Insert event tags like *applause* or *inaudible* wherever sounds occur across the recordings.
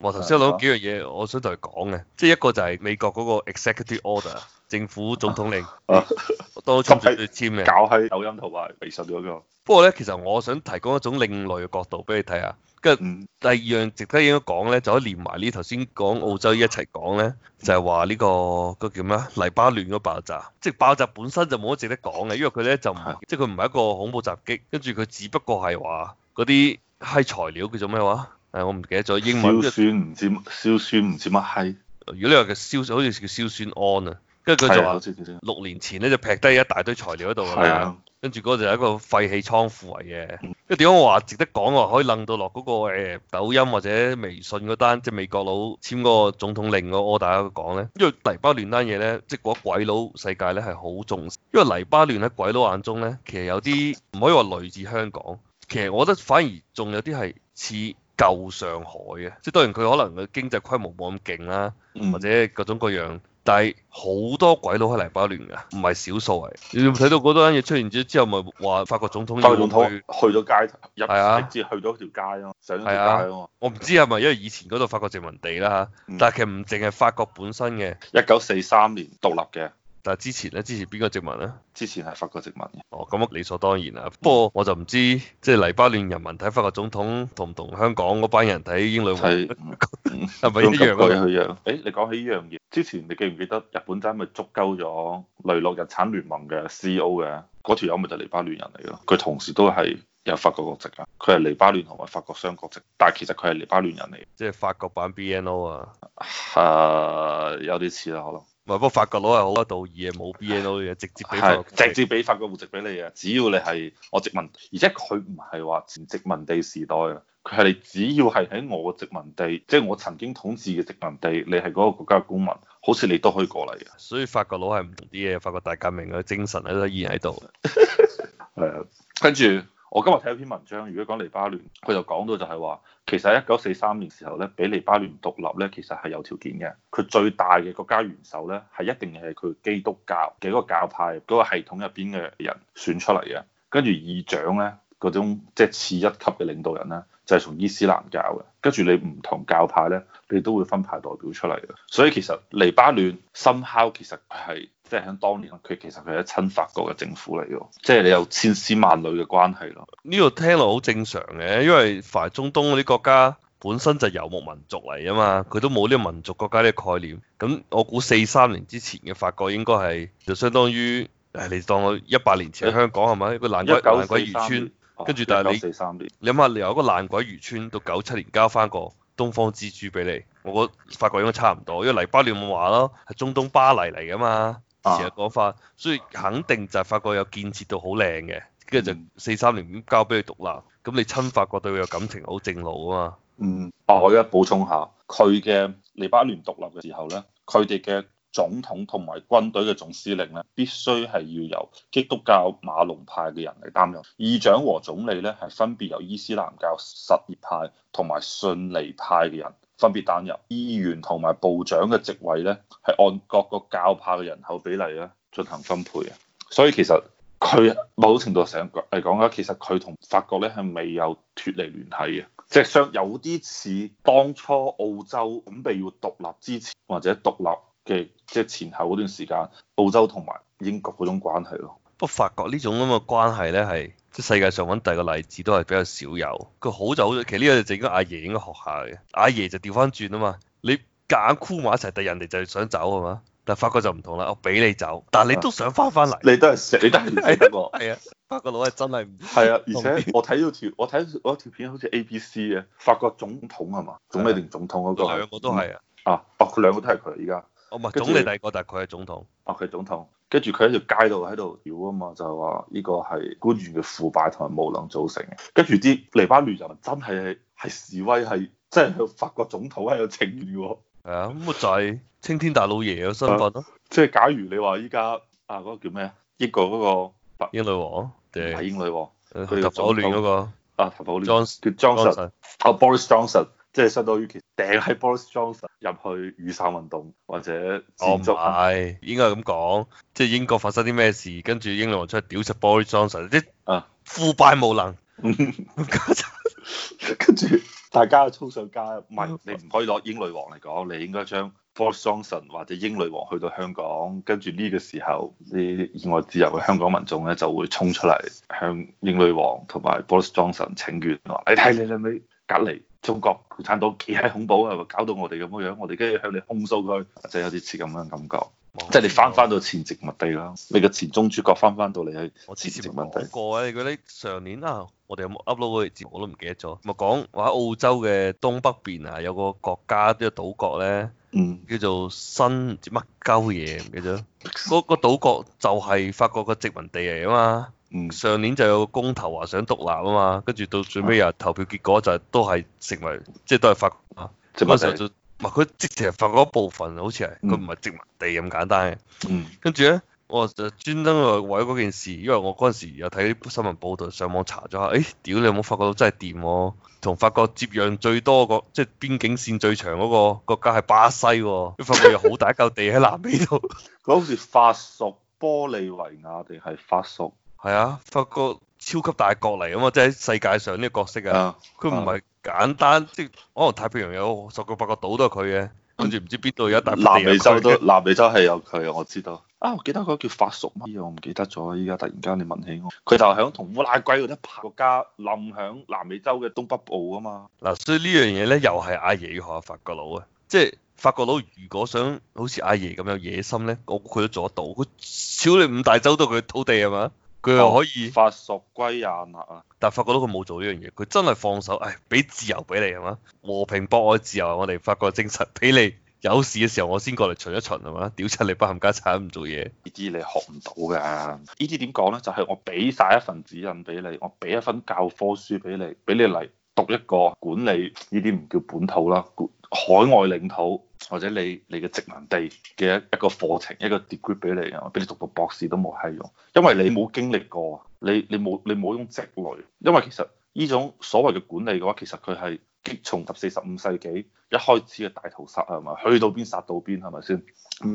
我頭先講咗幾樣嘢，我想同你講嘅，即係一個就係美國嗰個 Executive Order， *laughs* 政府總統令， *laughs* 當咗咗去簽嘅， *laughs* 搞喺抖音同埋微信嗰、那個。不過咧，其實我想提供一種另類嘅角度俾你睇下。跟住第二樣值得應該講咧，就喺連埋呢頭先講澳洲一齊講咧，就係話呢個嗰叫咩黎巴嫩嗰爆炸，即、就、係、是、爆炸本身就冇得值得講嘅，因為佢咧就唔，即係佢唔係一個恐怖襲擊，跟住佢只不過係話嗰啲係材料叫做咩話？誒，我唔記得咗英文。硝酸唔知硝酸唔知乜閪。如果你話嘅硝好似叫硝酸胺啊，跟住佢就話六年前咧就劈低一大堆材料喺度啊，跟住嗰就係一個廢棄倉庫嚟嘅。因為點解我話值得講嘅話可以楞到落嗰個、呃、抖音或者微信嗰單即係美國佬簽個總統令我大家都講咧？因為黎巴嫩單嘢咧，即係嗰鬼佬世界咧係好重視，因為黎巴嫩喺鬼佬眼中咧，其實有啲唔可以話類似香港，其實我覺得反而仲有啲係似。舊上海嘅，即係當然佢可能嘅經濟規模冇咁勁啦，嗯、或者各種各樣，但係好多鬼佬喺黎巴嫩㗎，唔係少數嚟。的你睇到嗰單嘢出現咗之後，咪話法國總統去咗街入直接的去到條街咯，上啊，我唔知係咪因為以前嗰度法國殖民地啦的、嗯、但係其實唔淨係法國本身嘅。一九四三年獨立嘅。啊！之前咧，之前邊個殖民咧？之前係法國殖民。哦，咁理所當然啊。嗯、不過我就唔知，即係黎巴嫩人民睇法國總統同唔同香港嗰班人睇英女皇係唔一樣咯。誒、欸，你講起呢樣嘢，之前你記唔記得日本仔咪捉鳩咗雷諾日產聯盟嘅 C E O 嘅？嗰條友咪就黎巴嫩人嚟咯。佢同時都係有法國國籍啊。佢係黎巴嫩同埋法國雙國籍，但係其實佢係黎巴嫩人嚟。即係法國版 B N O 啊？誒， *laughs* 有啲似啦，可能。唔係，不過法國佬係好多道義嘢冇 B A O 嘢，直接係直接俾法國戶籍俾你啊！只要你係我殖民，而且佢唔係話前殖民地時代啊，佢係你只要係喺我殖民地，即係我曾經統治嘅殖民地，你係嗰個國家嘅公民，好似你都可以過嚟啊！所以法國佬係唔同啲嘢，法國大革命嘅精神都依然喺度。係跟住。我今日睇一篇文章，如果講黎巴嫩，佢就講到就係話，其實一九四三年時候咧，俾黎巴嫩獨立咧，其實係有條件嘅。佢最大嘅國家元首咧，係一定係佢基督教嘅嗰個教派嗰個系統入邊嘅人選出嚟嘅。跟住議長咧，嗰種即係、就是、次一級嘅領導人咧。就係從伊斯蘭教嘅，跟住你唔同教派咧，你都會分派代表出嚟嘅。所以其實黎巴嫩、辛烤其實係即係喺當年佢其實係一親法國嘅政府嚟嘅，即係你有千絲萬縷嘅關係咯。呢度聽落好正常嘅，因為凡中東嗰啲國家本身就遊牧民族嚟啊嘛，佢都冇呢個民族國家呢個概念。咁我估四三年之前嘅法國應該係就相當於誒，你當我一百年前喺香港係咪一個爛鬼漁村？4, 跟住，但係你四三年你諗下，你有個爛鬼漁村到九七年交返個東方之珠俾你，我覺得法國應該差唔多，因為黎巴嫩冇話囉，係中東巴黎嚟㗎嘛，以前嘅講法，啊、所以肯定就係法國有建設到好靚嘅，跟住就四三年咁交俾佢獨立，咁你親法國對佢嘅感情好正路啊嘛。嗯，我而家補充下，佢嘅黎巴嫩獨立嘅時候咧，佢哋嘅。總統同埋軍隊嘅總司令咧，必須係要由基督教馬龍派嘅人嚟擔任；議長和總理咧，係分別由伊斯蘭教什葉派同埋遜尼派嘅人分別擔任；議員同埋部長嘅職位咧，係按各個教派嘅人口比例咧進行分配嘅。所以其實佢某程度上嚟講咧，其實佢同法國咧係未有脫離聯繫嘅，即係有啲似當初澳洲準備要獨立之前或者獨立。嘅即係前後嗰段時間，澳洲同埋英國嗰種關係咯。不過法國呢種咁嘅關係咧，係即係世界上揾第二個例子都係比較少有。佢好就好，其實呢個就應該阿爺應該學下嘅。阿爺就調翻轉啊嘛，你夾硬箍埋一齊，但係人哋就係想走啊嘛。但係法國就唔同啦，我俾你走，但係你都想翻翻嚟，你都係死，你都係得喎。 *laughs* 啊，法國佬係真係唔係啊，而且我睇到條，我睇我條片好似 ABC 嘅法國總統係嘛，總理定總統嗰、那個係、啊、兩個都係、嗯、啊。啊，哦，佢兩個都係佢而家。唔係總理第二個，但係佢係總統。啊、哦，佢係總統，跟住佢喺條街度喺度屌啊嘛，就係話呢個係官員嘅腐敗同埋無能造成嘅。跟住啲黎巴嫩人民真係係示威，係即係向法國總統喺度請願。係啊，咁咪就係青天大老爺嘅身份咯、啊。即係、啊就是、假如你話依家啊嗰、那個叫咩啊？英國嗰白英女王，係英女王，佢左亂嗰個啊，特朗普叫 Johnson，哦 Boris Johnson。Uh, 即係相當於其實掟喺 Boris Johnson 入去雨傘運動或者，我唔係，應該係咁講，即係英國發生啲咩事，跟住英女王出去屌食 Boris Johnson，、uh. 啲啊腐敗無能，跟住 *laughs* *laughs* 大家衝上街，唔係你唔可以攞英女王嚟講，你應該將 Boris Johnson 或者英女王去到香港，跟住呢個時候啲意外自由嘅香港民眾咧就會衝出嚟向英女王同埋 Boris Johnson 請願，話你睇你你咪。隔離中國共產黨幾閪恐怖啊！係咪搞到我哋咁樣，我哋都要向你控訴佢，即係、有啲似咁樣感覺。即係你翻翻到前殖民地啦，你個前中主角翻翻到嚟去前殖民地。過啊，嗰啲上年啊，我哋有冇 up 到嗰期節我都唔記得咗。咪講話喺澳洲嘅東北邊啊，有一個國家啲島國咧，叫做新唔知乜鳩嘢，唔記得。嗰、那個島國就係法國嘅殖民地嚟啊嘛。嗯、上年就有個公投話想獨立啊嘛，跟住到最尾又、啊、投票結果就係、是、都係成為，即、就、係、是、都係法國啊？唔係佢即係法國一部分，好似係佢唔係殖民地咁簡單嘅。跟住咧，我就專登為咗嗰件事，因為我嗰陣時又睇新聞報道，上網查咗下。誒、哎，屌你有冇發覺到真係掂、啊？同法國接壤最多個，即係邊境線最長嗰、那個國家係巴西。法國有好大一嚿地喺 *laughs* 南美度。嗰時法屬玻利維亞定係法屬？係啊，法國超級大國嚟啊嘛，即係世界上呢個角色啊，佢唔係。簡單即係，可能太平洋有十個八個島都係佢嘅，跟住唔知邊度有一大片地有南美洲都，南美洲係有佢，我知道。啊，我記得嗰個叫法屬咩？我唔記得咗，依家突然間你問起我。佢就響同烏拉圭嗰啲國家冧響南美洲嘅東北部啊嘛。嗱、啊，所以呢樣嘢咧，又係阿爺要學法國佬啊！即係法國佬，如果想好似阿爺咁有野心咧，我估佢都做得到。佢少你五大洲都佢土地啊嘛。佢又可以法屬圭亞那啊，但係發覺到佢冇做呢樣嘢，佢真係放手，誒，俾自由俾你係嘛？和平博愛自由，我哋發覺精神，俾你有事嘅時候，我先過嚟巡一巡係嘛？屌柒你不冚家鏟唔做嘢，呢啲你學唔到㗎。呢啲點講咧？就係、是、我俾晒一份指引俾你，我俾一份教科書俾你，俾你嚟讀一個管理。呢啲唔叫本土啦，海外領土。或者你你嘅殖民地嘅一個個課程，一個 degree 俾你，俾你讀到博士都冇閪用，因為你冇經歷過，你你冇你冇用殖民，因為其實呢種所謂嘅管理嘅話，其實佢係從十四、十五世紀一開始嘅大屠殺係嘛，去到邊殺到邊係咪先？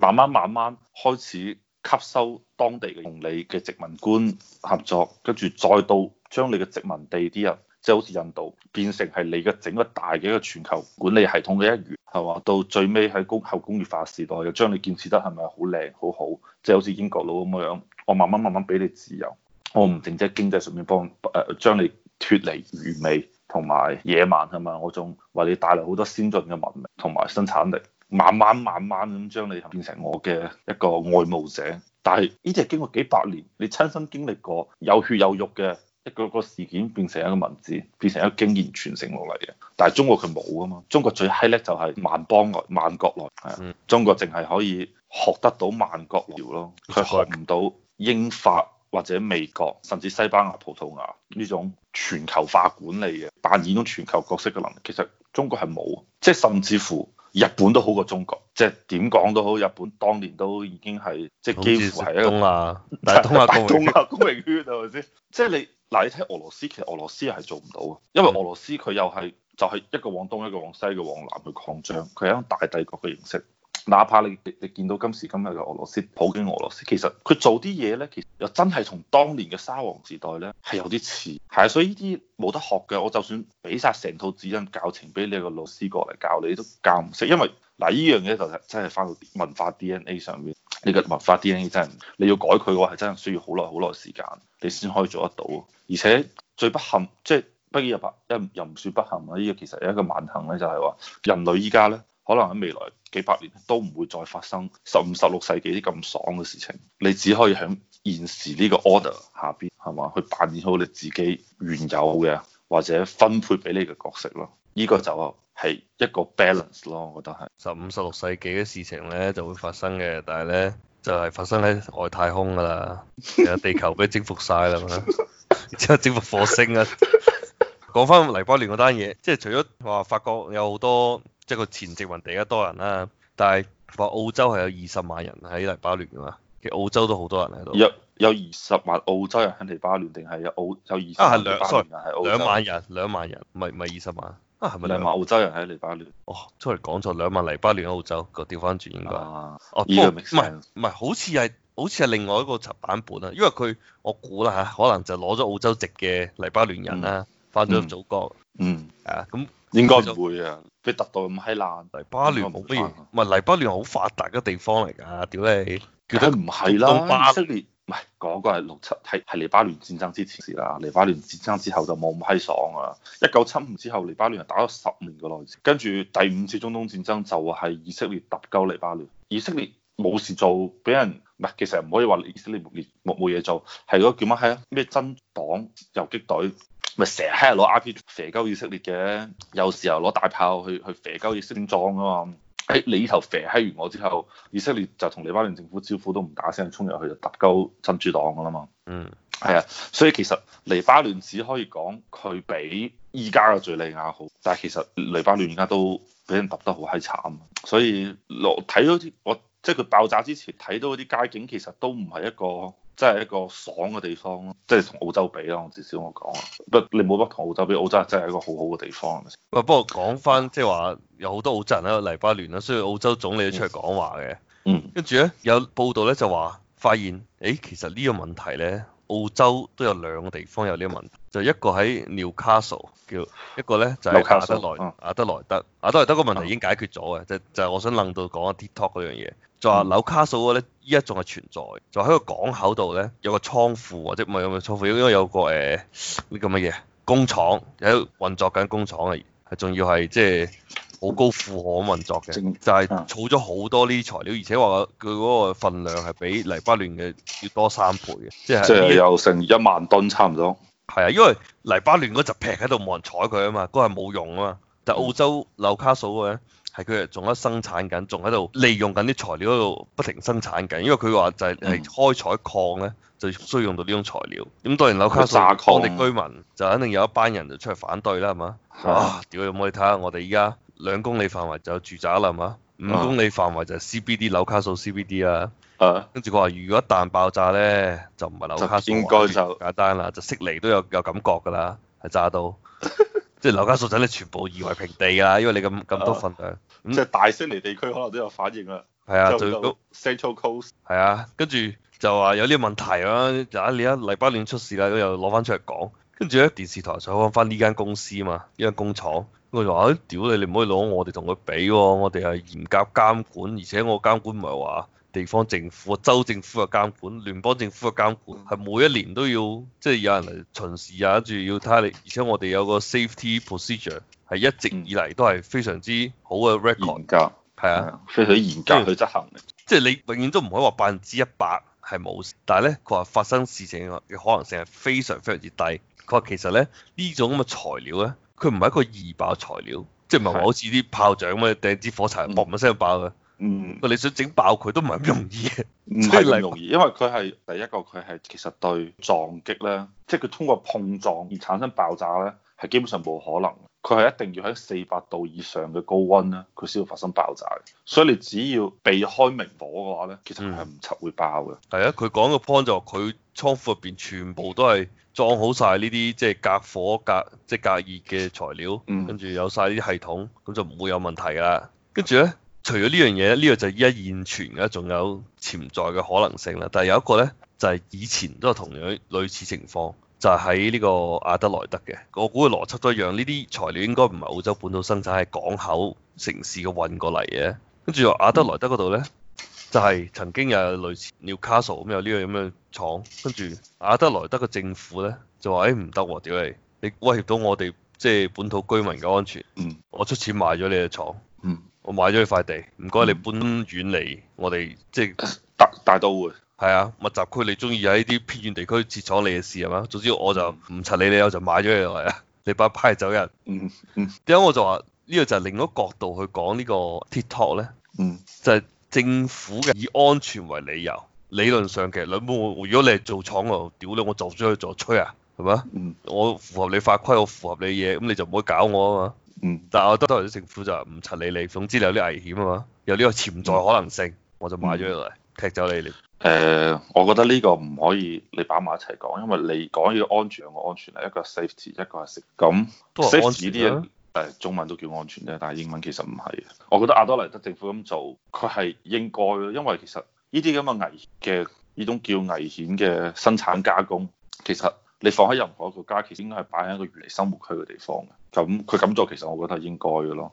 慢慢慢慢開始吸收當地嘅，同你嘅殖民官合作，跟住再到將你嘅殖民地啲人，即係好似印度變成係你嘅整個大嘅一個全球管理系統嘅一員。係話到最尾喺工後工業化時代，又將你建設得係咪好靚好好？即係好似英國佬咁樣，我慢慢慢慢俾你自由，我唔淨止經濟上面幫誒、呃、將你脱離愚昧同埋野蠻啊嘛，我仲為你帶來好多先進嘅文明同埋生產力，慢慢慢慢咁將你變成我嘅一個愛慕者。但係呢啲係經過幾百年，你親身經歷過有血有肉嘅。一個個事件變成一個文字，變成一個經驗傳承落嚟嘅。但係中國佢冇啊嘛，中國最犀利就係萬邦內萬國內，係啊。嗯、中國淨係可以學得到萬國條咯，佢學唔到英法錯或者美國甚至西班牙、葡萄牙呢種全球化管理嘅、扮演咗全球角色嘅能力。其實中國係冇，即係甚至乎日本都好過中國。即係點講都好，日本當年都已經係即係幾乎係一個大東亞共榮圈，係咪先？即係你。嗱，你睇俄羅斯，其實俄羅斯係做唔到啊，因為俄羅斯佢又係就係、係、一個往東、一個往西、一個往南去擴張，佢係一種大帝國嘅形式。哪怕你你見到今時今日嘅俄羅斯、普京俄羅斯，其實佢做啲嘢咧，其實又真係同當年嘅沙皇時代咧係有啲似。係啊，所以呢啲冇得學嘅，我就算俾晒成套指引教程俾你個老師過嚟教你，都教唔識，因為嗱呢樣嘢就真係翻到文化 DNA 上面。呢個文化 DNA 真係，你要改佢嘅話係真係需要好耐好耐時間，你先可以做得到。而且最不幸，即係不依一百，又又唔算不幸啊！呢個其實有一個萬幸咧，就係話人類依家咧，可能喺未來幾百年都唔會再發生十五、十六世紀啲咁爽嘅事情。你只可以喺現時呢個 order 下邊係嘛，去扮演好你自己原有嘅或者分配俾你嘅角色咯。呢個就啊。係一個 balance 咯，我覺得係十五、十六世紀嘅事情咧就會發生嘅，但係咧就係發生喺外太空噶啦，地球俾征服晒啦，咁樣之後征服火星啊。講翻黎巴嫩嗰單嘢，即係除咗話法國有好多，即係個前殖民地啊多人啦，但係話澳洲係有二十萬人喺黎巴嫩噶嘛，其實澳洲都好多人喺度。有有二十萬澳洲人喺黎巴嫩，定係有澳有二十？啊，係兩，所以兩萬人，兩萬人，唔係唔係二十萬。啊，係咪兩萬澳洲人喺黎巴嫩？哦，出嚟講錯，兩萬黎巴嫩喺澳洲，個調翻轉應該。哦、啊，依個唔係唔係，好似係好似係另外一個版本啊，因為佢我估啦嚇，可能就攞咗澳洲籍嘅黎巴嫩人啦、啊，翻咗、嗯、祖國。嗯。嗯啊，咁應該唔會啊，你突到咁閪難，黎巴嫩冇咩，唔係黎巴嫩好發達嘅地方嚟㗎，屌你，佢都唔係啦，唔係，嗰個係六七係係黎巴嫩戰爭之前事啦，黎巴嫩戰爭之後就冇咁閪爽啊！一九七五之後，黎巴嫩人打咗十年嘅內戰，跟住第五次中東戰爭就係以色列揼鳩黎巴嫩，以色列冇事做，俾人唔係，其實唔可以話以色列冇嘢冇冇嘢做，係嗰個叫乜閪啊？咩真黨遊擊隊咪成日喺度攞 I.P. 射鳩以色列嘅，有時候攞大炮去去射鳩以色列裝啊！喺你依頭啡閪完我之後，以色列就同黎巴嫩政府招呼都唔打聲，衝入去就揼鳩真主黨㗎喇嘛。嗯，係啊，所以其實黎巴嫩只可以講佢比依家嘅敍利亞好，但係其實黎巴嫩而家都俾人揼得好閪慘，所以落睇到啲我，即係佢爆炸之前睇到啲街景，其實都唔係一個。真係一個爽嘅地方咯，即係同澳洲比啦。至少我講，不你冇得同澳洲比，澳洲真係一個好好嘅地方。喂，不過講翻即係話，就是、有好多澳洲人喺度黎巴嫩啦，所以澳洲總理都出嚟講話嘅。嗯，跟住咧有報道咧就話發現，誒、欸、其實呢個問題咧。澳洲都有兩個地方有呢個問題，就係、一個喺 Newcastle，叫，一個咧就喺阿德萊阿德萊德。啊、阿德萊德個問題已經解決咗嘅，就就是、係我想諗到講啊，TikTok 嗰樣嘢，就話、是、紐卡素嗰咧依家仲係存在，就喺、是、個港口度咧有個倉庫，或者唔係有個倉庫，因為有個誒呢、呃這個乜嘢工廠喺運作緊工廠啊，係仲要係即係。就係好高負荷咁運作嘅，就係儲咗好多呢啲材料，而且話佢嗰個份量係比黎巴嫩嘅要多三倍嘅，即係有成一萬噸差唔多。係啊，因為黎巴嫩嗰集平喺度冇人睬佢啊嘛，嗰個冇用啊嘛。但澳洲紐卡素嘅咧，係佢仲喺生產緊，仲喺度利用緊啲材料喺度不停生產緊。因為佢話就係係開採礦咧，就需要用到呢種材料。咁當然紐卡素當地居民就肯定有一班人就出嚟反對啦，係嘛的？哇、啊！屌，有冇你睇下我哋依家？兩公里範圍就有住宅啦，係嘛？五公里範圍就係 CBD 樓卡數 CBD 啊，啊跟住佢話如果一旦爆炸咧，就唔係樓卡、啊、就，應該就簡單啦，就悉尼都有有感覺噶啦，係炸到， *laughs* 即係樓卡數仔，咧全部夷為平地啊，因為你咁咁、啊、多份量，咁即係大悉尼地區可能都有反應啦。係啊，就，就有 Central Coast。係啊，跟住就話有啲個問題啦、啊，就啊你啊黎巴嫩出事啦，又攞翻出嚟講，跟住咧電視台就講翻呢間公司啊嘛，呢間工廠。我話、哎：，屌你！你唔可以攞我哋同佢比，我哋係、哦、嚴格監管，而且我監管唔係話地方政府州政府嘅監管、聯邦政府嘅監管，係每一年都要，即係有人嚟巡視啊，仲要睇下你。而且我哋有個 safety procedure 係一直以嚟都係非常之好嘅 record，嚴格係啊，非常嚴格，去佢執行。即係、就是、你永遠都唔可以話百分之一百係冇事，但係咧佢話發生事情嘅可能性係非常非常之低。佢話其實咧呢呢種咁嘅材料咧。佢唔係一個易爆材料，即係唔係話好似啲炮仗咁樣掟支是火柴，嘣一聲爆嘅。嗯，的嗯你想整爆佢都唔係咁容易嘅，唔係、嗯、容易，因為佢係第一個，佢係其實對撞擊咧，即係佢通過碰撞而產生爆炸咧，係基本上冇可能。佢係一定要喺四百度以上嘅高溫咧，佢先會發生爆炸嘅。所以你只要避開明火嘅話咧，其實佢係唔會爆嘅。係啊、嗯，佢講嘅 point 就係、是、佢倉庫入邊全部都係裝好晒呢啲即係隔火隔即係、就是、隔熱嘅材料，嗯、跟住有晒啲系統，咁就唔會有問題啦。跟住咧，除咗呢樣嘢呢個就係依家現，現存嘅，仲有潛在嘅可能性啦。但係有一個咧，就係、是、以前都係同樣類，類似情況。就喺呢個阿德萊德嘅，我估嘅邏輯都一樣。呢啲材料應該唔係澳洲本土生產，係港口城市嘅運過嚟嘅。跟住阿德萊德嗰度呢，就係、是、曾經有類似 n e 尿卡索咁有呢個咁樣廠。跟住阿德萊德嘅政府呢，就話誒唔得喎，屌、欸、你，你威脅到我哋即係本土居民嘅安全。Land, to to land, 嗯。我出錢買咗你嘅廠。嗯。我買咗呢塊地，唔該你搬遠離、嗯、我哋，即係大大道。大都會。係啊，密集區，你中意喺啲偏遠地區設廠你嘅事係嘛？總之我就唔柒理你，你我就買咗落嚟啊！你把派走人。嗯點解，嗯、我就話呢、這個就係另一個角度去講呢個 TikTok 咧？嗯。就係政府嘅以安全為理由，理論上其實兩邊我，嗯，如果你係做廠嘅，我就屌你，我就唔出去做吹啊，係嘛？嗯，我符合你法規，我符合你嘢，咁你就唔好搞我啊嘛。嗯。但係我覺得都係啲政府就唔柒理你，你總之你有啲危險啊嘛，有呢個潛在可能性，我就買咗落嚟。嗯嗯踢走你你？誒，我覺得呢個唔可以你擺埋一齊講，因為你講要安全個安全係一個係 safety，一個係食咁。Safety 啲嘢誒，中文都叫安全啫，但係英文其實唔係。我覺得阿多倫德政府咁做，佢係應該，因為其實呢啲咁嘅危嘅，呢種叫危險嘅生產加工，其實你放喺任何一個國家，佢應該係擺喺一個遠離生活區嘅地方嘅。咁佢咁做，其實我覺得係應該嘅咯。